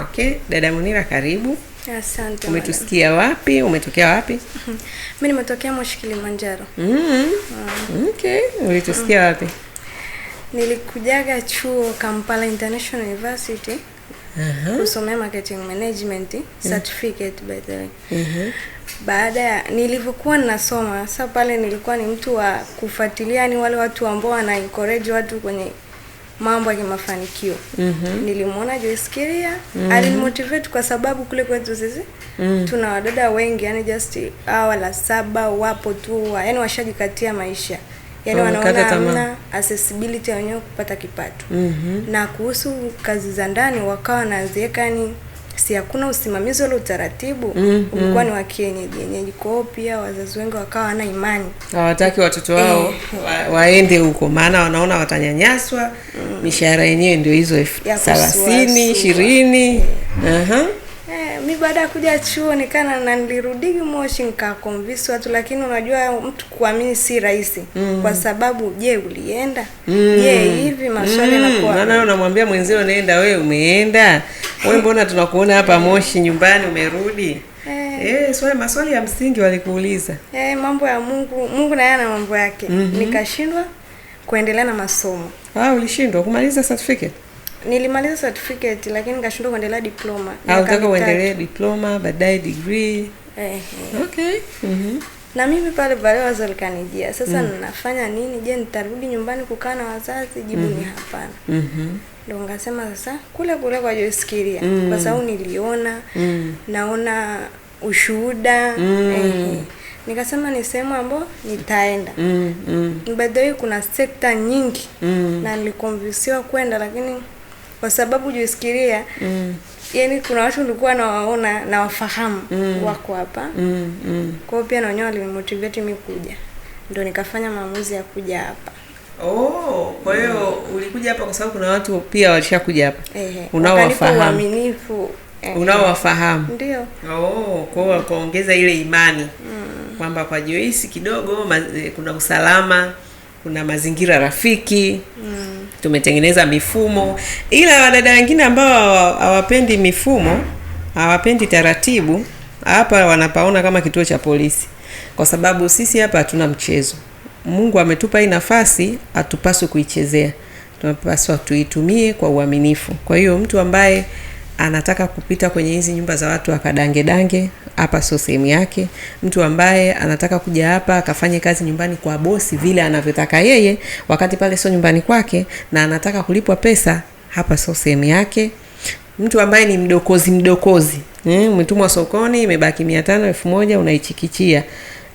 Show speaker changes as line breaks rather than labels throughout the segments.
Okay, dada Munira karibu. Asante. Umetusikia wapi? Umetokea wapi? Mimi
nimetokea Moshi Kilimanjaro.
Mm-hmm. Mm. Okay, ulitusikia mm. wapi?
Nilikujaga chuo Kampala International University. Uh-huh. Kusomea marketing management certificate by the way. Uh-huh. Baada ya nilivyokuwa ninasoma sasa, pale nilikuwa ni mtu wa kufuatilia, ni wale watu ambao wana encourage watu kwenye mambo ya mafanikio. mm -hmm. Nilimwona Joyce Kiria mm -hmm. alinimotivate kwa sababu kule kwetu sisi mm -hmm. tuna wadada wengi, yani just hawa la saba wapo tu, yani washajikatia maisha yani oh, wanaona hamna accessibility ya wenyewe kupata kipato mm -hmm. na kuhusu kazi za ndani wakawa wanaziweka si hakuna usimamizi wala utaratibu mm, ulikuwa mm. ni wa kienyeji yenyeji. Kwa pia wazazi wengi wakawa wana imani,
hawataki watoto wao eh, wa, waende huko, maana wanaona watanyanyaswa mm. mishahara yenyewe ndio hizo elfu thelathini ishirini eh.
Eh, Mi baada ya kuja chuo nikana na nilirudigi Moshi nikakonvince watu, lakini unajua mtu kuamini si rahisi mm. kwa sababu je, ulienda mm. je hivi maswali mm. yanakuwa,
maana unamwambia mwenzio naenda, wewe umeenda wewe mbona tunakuona hapa Moshi nyumbani umerudi? Eh, e, swali maswali ya msingi walikuuliza.
Eh, mambo ya Mungu, Mungu naye ana mambo yake. Mm -hmm. Nikashindwa kuendelea na masomo.
Ah, ulishindwa kumaliza certificate?
Nilimaliza certificate lakini nikashindwa kuendelea diploma.
Ah, unataka uendelee diploma, baadaye degree. Eh. eh. Okay. Mm
-hmm. Na mimi pale pale wazo likanijia. Sasa mm -hmm. nafanya nini? Je, nitarudi nyumbani kukaa na wazazi? Jibu ni mm -hmm. hapana. Mhm. Mm ndio ngasema sasa kule kule kwa Joyce mm. kwa sababu niliona mm. naona ushuhuda mm. eh, nikasema ni sehemu ambayo nitaenda mm. mm. by kuna sekta nyingi mm. na nilikonvinsiwa kwenda lakini kwa sababu Joyce mm. yani kuna watu nilikuwa nawaona nawafahamu mm. wako hapa mm. mm. kwao pia na wenyewe mi kuja, ndio nikafanya maamuzi ya kuja hapa.
Oh, kwa hiyo mm. ulikuja hapa kwa sababu kuna watu pia walishakuja hapa unaowafahamu
eh. unaowafahamu ndio.
Oh, kwa hiyo wakaongeza ile imani mm. kwamba kwa Joyce kidogo ma, eh, kuna usalama, kuna mazingira rafiki mm. tumetengeneza mifumo mm. ila wadada wengine ambao hawapendi mifumo, hawapendi taratibu, hapa wanapaona kama kituo cha polisi, kwa sababu sisi hapa hatuna mchezo Mungu ametupa hii nafasi, hatupaswi kuichezea, tunapaswa tuitumie kwa uaminifu. Kwa hiyo mtu ambaye anataka kupita kwenye hizi nyumba za watu akadange dange hapa sio sehemu yake. Mtu ambaye anataka kuja hapa akafanye kazi nyumbani kwa bosi vile anavyotaka yeye, wakati pale sio nyumbani kwake, na anataka kulipwa pesa, hapa sio sehemu yake. Mtu ambaye ni mdokozi mdokozi, eh, mtumwa sokoni, imebaki mia tano, elfu moja unaichikichia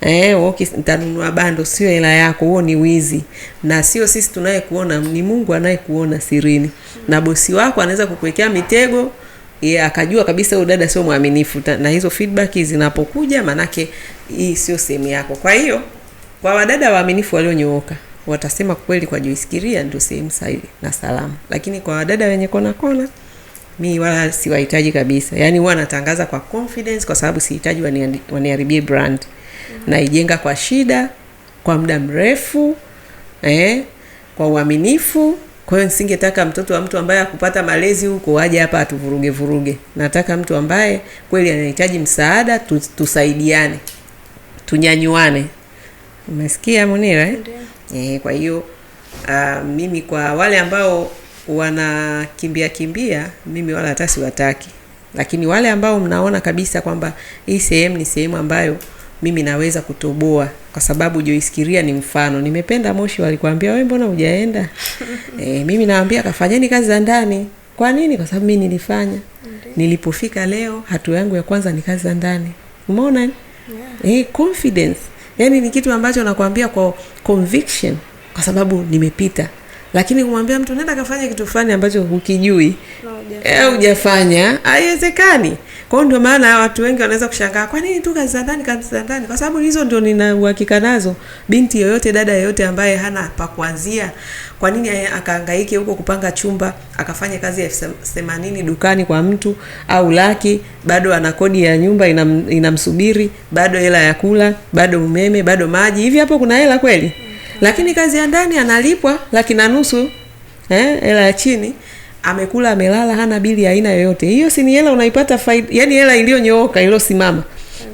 eh, ukitanunua bando, sio hela yako. Huo ni wizi, na sio sisi tunayekuona, ni Mungu anayekuona sirini, na bosi wako anaweza kukuwekea mitego Yeah, akajua kabisa huyu dada sio mwaminifu, na hizo feedback zinapokuja, manake hii sio sehemu yako. Kwa hiyo kwa wadada waaminifu walionyooka watasema kweli kwa Joyce ndio sehemu sahihi na salama, lakini kwa wadada wenye kona kona mi wala siwahitaji kabisa. Yani huwa natangaza kwa confidence, kwa sababu sihitaji waniharibie brand naijenga kwa shida, kwa muda mrefu eh, kwa uaminifu. Kwa hiyo nisingetaka mtoto wa mtu ambaye akupata malezi huko aje hapa atuvuruge vuruge. Nataka mtu ambaye kweli anahitaji msaada, tusaidiane, tunyanyuane. Umesikia Munira eh? E, kwa hiyo uh, mimi kwa wale ambao wanakimbia kimbia, mimi wala hata siwataki, lakini wale ambao mnaona kabisa kwamba hii sehemu ni sehemu ambayo mimi naweza kutoboa, kwa sababu joiskiria ni mfano. Nimependa Moshi walikwambia wewe mbona hujaenda? E, mimi naambia kafanyeni kazi za ndani. Kwa nini? Kwa sababu mimi nilifanya. Nilipofika leo, hatua yangu ya kwanza ni kazi za ndani. Umeona? Yeah. E, confidence yani ni kitu ambacho nakwambia kwa conviction, kwa sababu nimepita lakini kumwambia mtu nenda kafanya kitu fulani ambacho hukijui, no, eh, hujafanya haiwezekani. Kwa ndio maana watu wengi wanaweza kushangaa kwa nini tu kazi za ndani, kazi za ndani, kwa sababu hizo ndio nina uhakika nazo. Binti yoyote, dada yoyote ambaye hana pa kuanzia, kwa nini akahangaike huko kupanga chumba, akafanya kazi ya elfu themanini dukani kwa mtu au laki, bado ana kodi ya nyumba inam, inamsubiri, bado hela ya kula, bado umeme, bado maji. Hivi hapo kuna hela kweli? Mm-hmm. Lakini kazi ya ndani analipwa laki na nusu, eh, hela ya chini amekula amelala, hana bili aina yoyote. Hiyo si ni hela unaipata faida, yani hela iliyonyooka iliyosimama.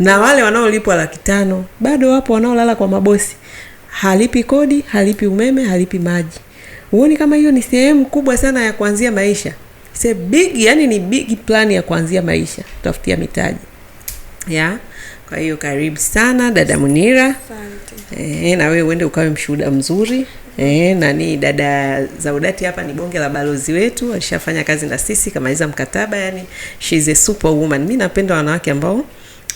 Na wale wanaolipwa laki tano bado wapo wanaolala kwa mabosi, halipi kodi, halipi umeme, halipi maji. Huoni kama hiyo ni sehemu kubwa sana ya kuanzia maisha? Se big, yani ni big plan ya kuanzia maisha, tafutia mitaji ya kwa hiyo karibu sana dada Munira. E, na wewe uende ukawe mshuhuda mzuri e, na ni dada Zaudati hapa ni bonge la balozi wetu, alishafanya kazi na sisi kamaliza mkataba, yani she is a super woman. Mimi napenda wanawake ambao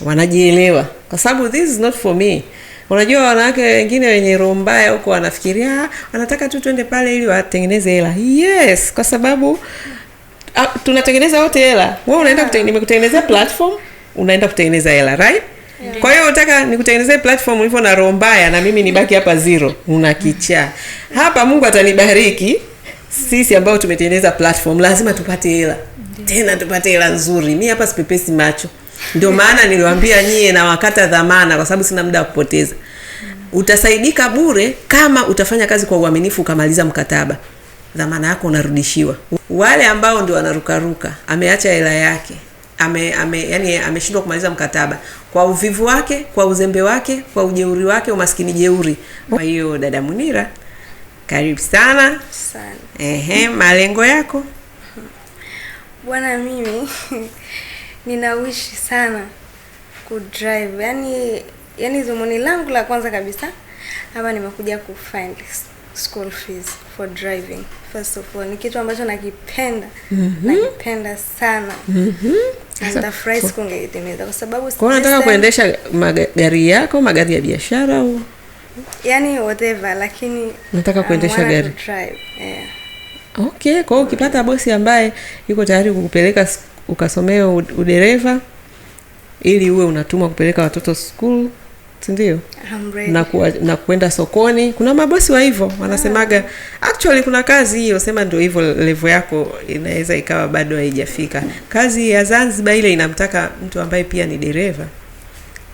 wanajielewa, kwa sababu this is not for me. Unajua wanawake wengine wenye roho mbaya huko wanafikiria ah, wanataka tu twende pale ili watengeneze hela. Yes, kwa sababu a, ah, tunatengeneza wote hela. Wewe unaenda nimekutengenezea platform unaenda kutengeneza hela right? Yeah. Kwa hiyo unataka nikutengenezee platform ulivyo na roho mbaya na mimi nibaki hapa zero, unakichaa hapa. Mungu atanibariki sisi ambao tumetengeneza platform, lazima tupate hela tena, tupate hela nzuri. Mi hapa sipepesi macho, ndio maana niliwaambia nyie na wakata dhamana, kwa sababu sina muda wa kupoteza. Utasaidika bure kama utafanya kazi kwa uaminifu, ukamaliza mkataba, dhamana yako unarudishiwa. Wale ambao ndio wanarukaruka, ameacha hela yake ame, ame yani ameshindwa kumaliza mkataba kwa uvivu wake, kwa uzembe wake, kwa ujeuri wake, umaskini jeuri. Kwa hiyo dada Munira, karibu sana sana. Ehe, malengo yako
bwana? Mimi ninawishi sana ku drive, yani yani dhumuni langu la kwanza kabisa hapa nimekuja ku school fees for driving first of all ni kitu ambacho nakipenda mm -hmm. nakipenda sana mm -hmm. nitafurahi siku ngeitimiza kwa sababu
kwa unataka kuendesha magari yako magari ya biashara au
yani whatever lakini
nataka uh, kuendesha gari
yeah.
okay kwa hiyo ukipata bosi ambaye yuko tayari kukupeleka ukasomea udereva ili uwe unatumwa kupeleka watoto skulu sindio na, kwenda na kuenda sokoni kuna mabosi wa hivyo wanasemaga actually kuna kazi hiyo sema ndio hivyo levo yako inaweza ikawa bado haijafika kazi ya zanzibar ile inamtaka mtu ambaye pia ni dereva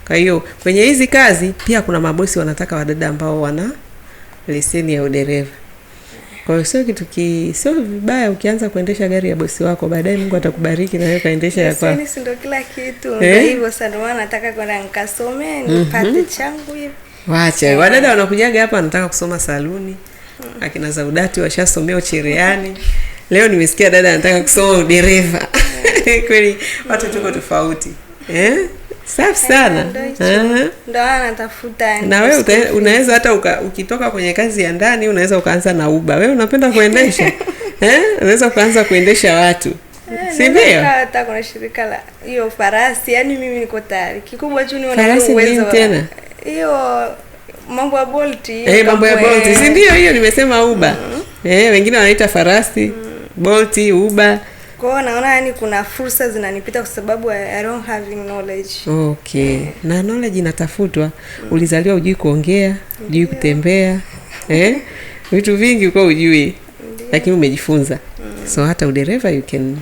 kwa hiyo kwenye hizi kazi pia kuna mabosi wanataka wadada ambao wana leseni ya udereva kwa hiyo sio kitu ki sio vibaya ukianza kuendesha gari ya bosi wako, baadaye Mungu atakubariki na wewe kaendesha ya kwako.
Sisi yaani ndio kila kitu eh? Hivyo sana, nataka kwenda nikasome mhm. nipate mm -hmm. changu hivi.
Wacha eh. wadada wanakujaga hapa wanataka kusoma saluni mm akina Zaudati washasomea uchereani Leo nimesikia dada anataka kusoma udereva. Eh. Kweli watu tuko tofauti eh? safi sana na wewe unaweza hata uka, ukitoka kwenye kazi ya ndani unaweza ukaanza na uba. Wewe unapenda kuendesha eh? unaweza ukaanza kuendesha watu eh, si ndio?
Hata kuna shirika la hiyo farasi, yani mimi niko tayari. Kikubwa tu ni farasi uwezo tena hiyo mambo ya Bolt
eh, mambo ya Bolt si ndio? Hiyo nimesema uba mm -hmm. eh, wengine wanaita farasi mm -hmm. Bolt uba
kwa hiyo naona yani kuna fursa zinanipita kwa sababu I don't having knowledge.
Okay. Yeah. Na knowledge inatafutwa. Mm. Ulizaliwa ujui kuongea, ujui yeah, kutembea. Eh? Vitu vingi uko ujui Yeah. Lakini umejifunza. Mm. So hata udereva you can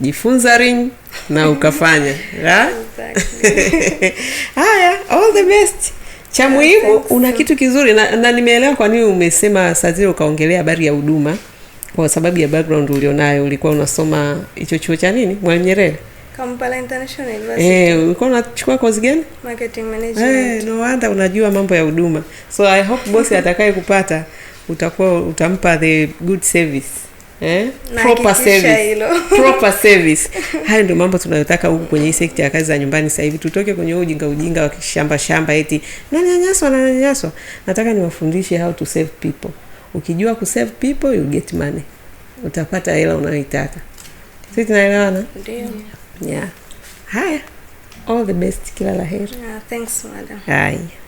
jifunza ring na ukafanya. Exactly. Haya, all the best. Cha muhimu una kitu kizuri na, na nimeelewa kwa nini umesema saa zile ukaongelea habari ya huduma kwa sababu ya background ulionayo, ulikuwa unasoma hicho chuo cha nini, Mwalimu Nyerere
Kampala International University.
Eh, ulikuwa unachukua course gani?
Marketing management.
Eh, no wonder unajua mambo ya huduma. So I hope bosi atakaye kupata utakuwa utampa the good service. Eh? Proper service. Proper service. Hayo ndio mambo tunayotaka huku kwenye sekta ya kazi za nyumbani sasa hivi. Tutoke kwenye ujinga ujinga wa kishamba shamba eti nanyanyaswa na nanyanyaswa. Nataka niwafundishe how to save people ukijua ku save people you get money, utapata hela unayoitaka. Sisi tunaelewana? Ndio. Yeah. Haya, all the best, kila la heri.
Yeah, thanks madam.
Haya.